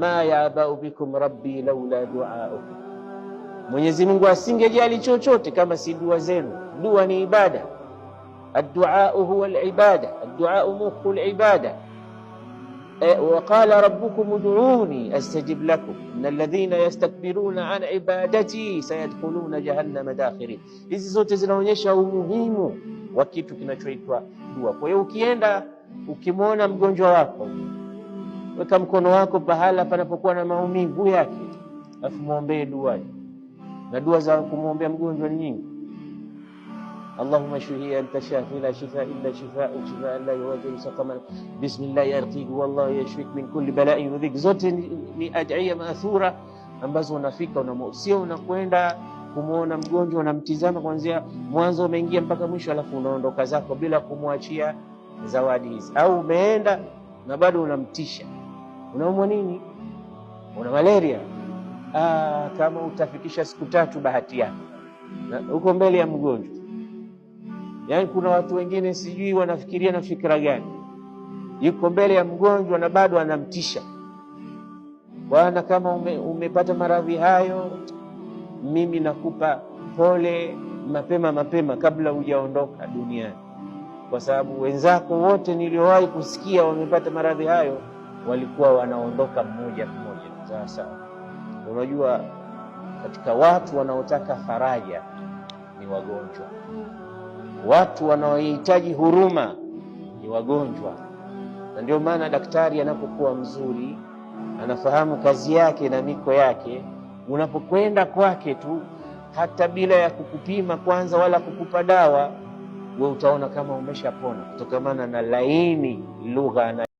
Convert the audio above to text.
ma yabau bikum rabbi laula duaukum, Mwenyezi Mungu asingejali chochote kama si dua zenu. Dua ni ibada, adduau huwa alibada, adduau mukhu alibada. E, waqala rabbukum ud'uni astajib lakum innal ladhina yastakbiruna an ibadati sayadkhuluna jahannama dakhirin. Hizi zote zinaonyesha umuhimu wa kitu kinachoitwa dua. Kwa hiyo ukienda ukimwona mgonjwa wako weka mkono wako pahala panapokuwa na maumivu yake, alafu mwombee dua. Na dua za kumwombea mgonjwa ni nyingi. Allahumma shfihi anta shafi la shifa illa shifaa shifaa la yughadiru saqama, bismillah yarqiq, wallahu yashfik min kulli bala'in wa dhik. Zote ni adhiya maathura ambazo unafika unamsio, unakwenda kumwona mgonjwa, unamtizama kuanzia mwanzo umeingia mpaka mwisho, alafu unaondoka zako bila kumwachia zawadi hizi, au umeenda na bado unamtisha unaumwa nini? Una malaria? Ah, kama utafikisha siku tatu, bahati yako, huko mbele ya mgonjwa. Yaani kuna watu wengine sijui wanafikiria na fikira gani, yuko mbele ya mgonjwa na bado anamtisha bwana, kama ume, umepata maradhi hayo, mimi nakupa pole mapema mapema, kabla hujaondoka duniani, kwa sababu wenzako wote niliowahi kusikia wamepata maradhi hayo walikuwa wanaondoka mmoja mmoja. Sasa unajua, katika watu wanaotaka faraja ni wagonjwa, watu wanaohitaji huruma ni wagonjwa. Na ndio maana daktari anapokuwa mzuri, anafahamu kazi yake na miko yake, unapokwenda kwake tu hata bila ya kukupima kwanza wala kukupa dawa, we utaona kama umeshapona kutokamana na laini lugha